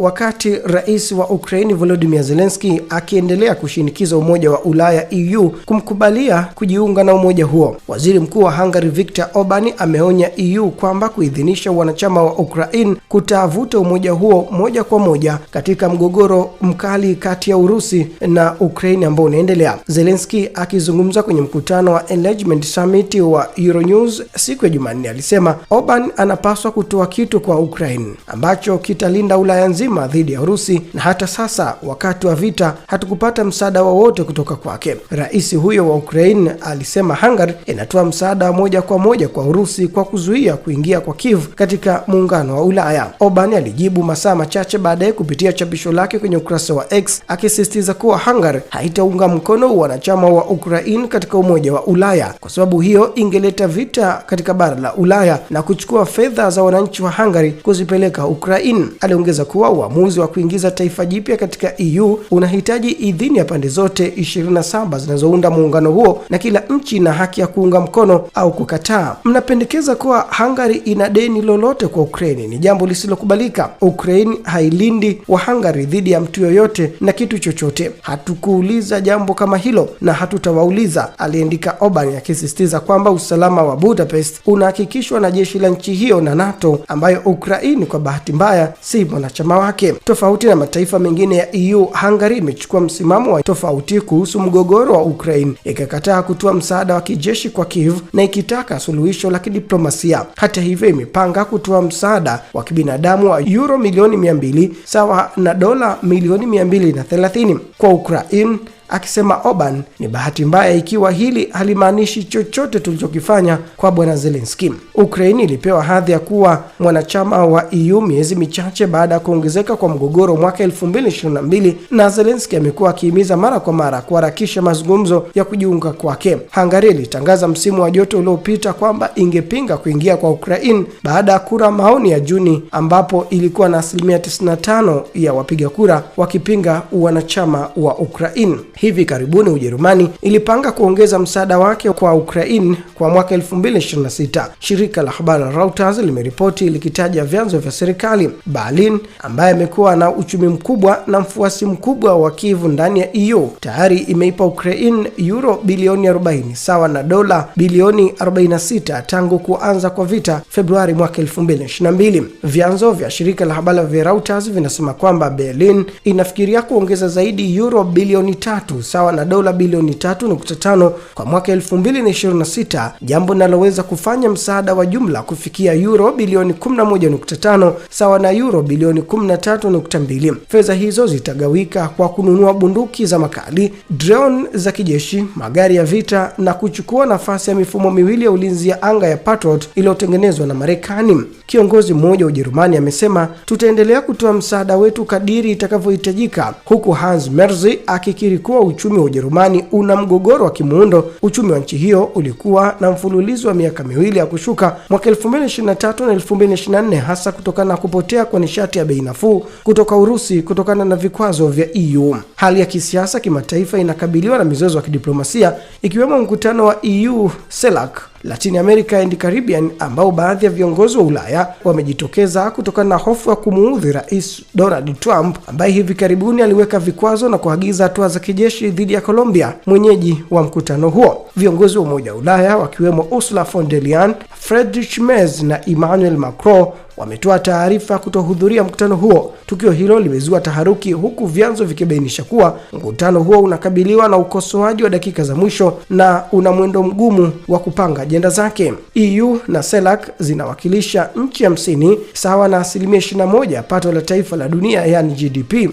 Wakati rais wa Ukraini Volodymyr Zelensky akiendelea kushinikiza Umoja wa Ulaya EU kumkubalia kujiunga na umoja huo, waziri mkuu wa Hungary Viktor Orban ameonya EU kwamba kuidhinisha wanachama wa Ukraine kutavuta umoja huo moja kwa moja katika mgogoro mkali kati ya Urusi na Ukraine ambao unaendelea. Zelensky akizungumza kwenye mkutano wa Enlargement Summit wa Euronews siku ya Jumanne alisema Orban anapaswa kutoa kitu kwa Ukraine ambacho kitalinda Ulaya nzima nzima dhidi ya Urusi, na hata sasa wakati wa vita hatukupata msaada wowote kutoka kwake. Rais huyo wa Ukraine alisema Hungary inatoa msaada wa moja kwa moja kwa Urusi kwa kuzuia kuingia kwa Kiev katika muungano wa Ulaya. obani alijibu masaa machache baadaye kupitia chapisho lake kwenye ukurasa wa X akisisitiza kuwa Hungary haitaunga mkono wanachama wa Ukraine katika Umoja wa Ulaya kwa sababu hiyo ingeleta vita katika bara la Ulaya na kuchukua fedha za wananchi wa Hungary kuzipeleka Ukraine. Aliongeza kuwa uamuzi wa kuingiza taifa jipya katika EU unahitaji idhini ya pande zote 27 zinazounda muungano huo na kila nchi ina haki ya kuunga mkono au kukataa. Mnapendekeza kuwa Hungary ina deni lolote kwa Ukraine. Ni jambo lisilokubalika. Ukraine hailindi wa Hungary dhidi ya mtu yoyote na kitu chochote. Hatukuuliza jambo kama hilo na hatutawauliza, aliandika Orban, akisisitiza kwamba usalama wa Budapest unahakikishwa na jeshi la nchi hiyo na NATO ambayo Ukraine kwa bahati mbaya si mwanachama wake wake. Tofauti na mataifa mengine ya EU, Hungary imechukua msimamo wa tofauti kuhusu mgogoro wa Ukraine, ikakataa kutoa msaada wa kijeshi kwa Kiev na ikitaka suluhisho la kidiplomasia. Hata hivyo, imepanga kutoa msaada wa kibinadamu wa euro milioni 200 sawa na dola milioni 230 kwa Ukraine akisema oban ni bahati mbaya ikiwa hili halimaanishi chochote tulichokifanya kwa bwana Zelensky. Ukraine ilipewa hadhi ya kuwa mwanachama wa EU miezi michache baada ya kuongezeka kwa mgogoro mwaka 2022 na Zelensky amekuwa akihimiza mara kwa mara kuharakisha mazungumzo ya kujiunga kwake. Hungary ilitangaza msimu wa joto uliopita kwamba ingepinga kuingia kwa Ukraine baada ya kura maoni ya Juni ambapo ilikuwa na asilimia 95 ya wapiga kura wakipinga wanachama wa Ukraine. Hivi karibuni Ujerumani ilipanga kuongeza msaada wake kwa Ukraine kwa mwaka 2026, shirika la habari la Reuters limeripoti likitaja vyanzo vya serikali. Berlin, ambaye amekuwa na uchumi mkubwa na mfuasi mkubwa wa Kiev ndani ya EU, tayari imeipa Ukraine euro bilioni 40 sawa na dola bilioni 46 tangu kuanza kwa vita Februari mwaka 2022. Vyanzo vya shirika la habari vya Reuters vinasema kwamba Berlin inafikiria kuongeza zaidi euro bilioni tatu tatu sawa na dola bilioni 3.5 kwa mwaka 2026, jambo linaloweza kufanya msaada wa jumla kufikia euro bilioni 11.5 sawa na euro bilioni 13.2. Fedha hizo zitagawika kwa kununua bunduki za makali, drone za kijeshi, magari ya vita na kuchukua nafasi ya mifumo miwili ya ulinzi ya anga ya Patriot iliyotengenezwa na Marekani. Kiongozi mmoja wa Ujerumani amesema, tutaendelea kutoa msaada wetu kadiri itakavyohitajika, huku Hans Merzi akikiri kuwa kuwa uchumi wa Ujerumani una mgogoro wa kimuundo, uchumi wa nchi hiyo ulikuwa na mfululizo wa miaka miwili ya kushuka mwaka 2023 na 2024, hasa kutokana na kupotea kwa nishati ya bei nafuu kutoka Urusi kutokana na vikwazo vya EU. Hali ya kisiasa kimataifa inakabiliwa na mizozo ya kidiplomasia ikiwemo mkutano wa EU CELAC Latin America and Caribbean ambao baadhi ya viongozi wa Ulaya wamejitokeza kutokana na hofu ya kumuudhi Rais Donald Trump ambaye hivi karibuni aliweka vikwazo na kuagiza hatua za kijeshi dhidi ya Colombia, mwenyeji wa mkutano huo. Viongozi wa Umoja wa Ulaya wakiwemo Ursula von der Leyen, Friedrich Merz na Emmanuel Macron wametoa taarifa kutohudhuria mkutano huo. Tukio hilo limezua taharuki, huku vyanzo vikibainisha kuwa mkutano huo unakabiliwa na ukosoaji wa dakika za mwisho na una mwendo mgumu wa kupanga ajenda zake. EU na CELAC e zinawakilisha nchi hamsini sawa na asilimia 21 ya pato la taifa la dunia, yani GDP.